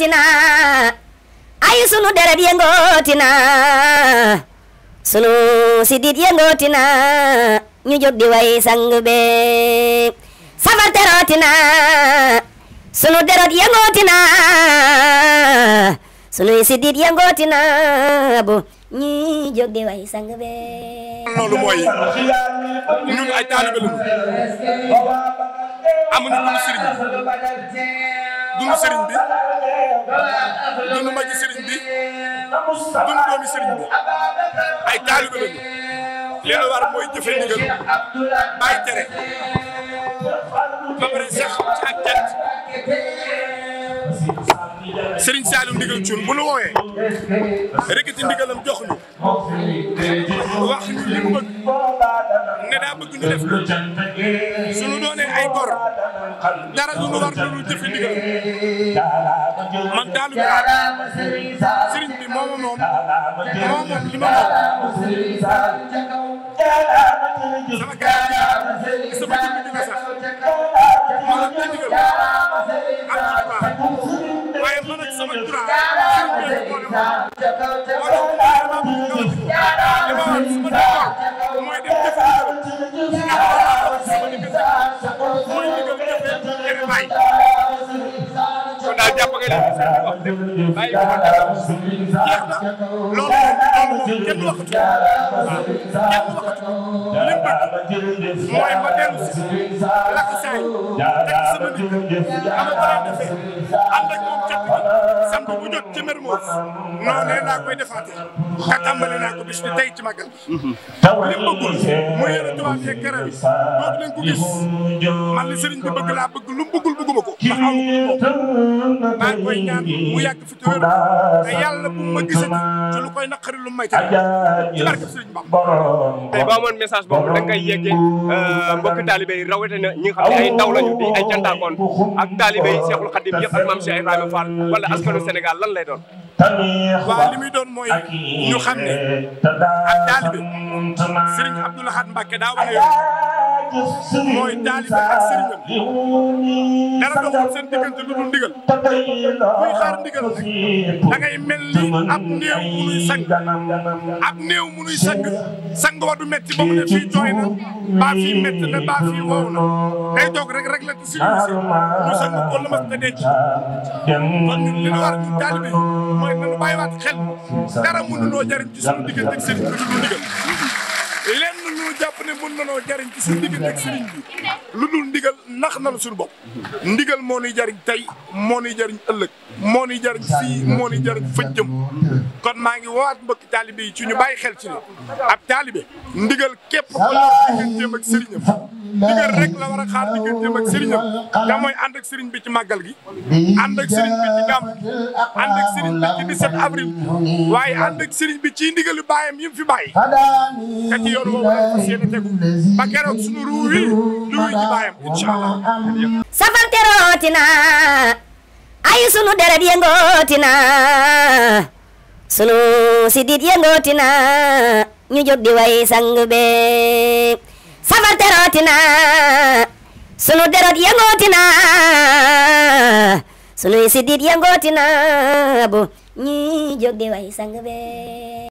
yëngootina ay sunu deret yëngootina sunu sidit yëngootina ñu jóg di way sang be safar terootina sunu deret yëngootina sunuy sidit yëngootina bu ñi jóg di way sang be loolu mooy ñun ay taalibe dunu sëriñ bi dunu maji sëriñ bi dunu doomi sëriñ bi ay taalibe lañu leen war mooy jëfe ndigal bàyyi tere ba pare sax ci ak tet sëriñ Saliou ndigal cuun bu nu woowee rekati ndigalam jox ñu wax ñu li mu bëgg ne daa bëgg ñu def ko sunu ay gor dara du ñu war lu jëfe ndigal man daalu bi ak sëriñ bi moom moom moom moom li ma moom sama gars yi sama jëmm bi nga sax bàyyi ko ba dara jeex na loolu loolu moom kenn waxatu waaw kenn waxatu li mu bëgg mooy ma dellu si lakk saa yi teg sama nit am ak ànd ak moom jàpp waxtu bu jot ci Mermoz noonee laa koy defaate te tàmbali naa ko bis bi tey ci magal li mu bëggul mu yore tubaab yeeg garab yi boobu nañ ko gis man li sëriñ bi bëgg laa bëgg lu mu bëggul koy ñaan mu yàgg fi ci ma gisati ci lu koy naqari lu may tere ci barke sëriñ Bamba tey ba amoon message boobu da ngay yeggee euh, mbokki taalibe yi rawatina ñi nga xam ay ndaw lañu di ay jantaakoon ak taalibe yi Seexul Xadim yëpp ak maam Cheikh Ibrahima Fall wala Sénégal lan lay doon. waaw li muy doon mooy ñu xam ne ak taalibe Serigne Abdou Lahad Mbacké daa wane yoon. mooy taalibe ak sëriñam dara doxul seen diggante lu ndigal kuy xaar ndigal rek da ngay mel ni ab néew munuy ab néew munuy sang sang wa du metti ba mu ne fii baa fii metti na baa fii wow day toog rek rek la ci suñu si mu sang ko la mas ta denc kon ñun li ñu war ñun taalibe mooy nañu xel dara mënu noo jariñ ci suñu diggante ak sëriñ dañoo jàpp ne mën nanoo jariñ ci suñu diggante ak sëriñ lu dul ndigal nax na la suñu bopp ndigal moo nuy jariñ tey moo nuy jariñ ëllëg moo nuy jariñ fii moo nuy jariñ fëjjëm kon maa ngi woowaat mbokki taalibe yi ci ñu bàyyi xel ci ne ab taalibe ndigal képp ko la digganteem ak ndigal rek la war a xaar digganteem ak sëriñam te mooy ànd ak bi ci màggal gi ànd ak sëriñ bi ci gàmm gi ànd ak sëriñ bi ci 17 avril waaye ànd baayam yi fi bàyyi te ci yoon woowu rek fas yéene ba keroog sunu ruu wi juuy baayam incha allah safar na ay sunu deret yëngooti na sunu sidit yëngooti na ñu jóg di way sang safar terootina sunu derot yëngootina sunuy sidit yëngootina bu ñi jóg di way sang be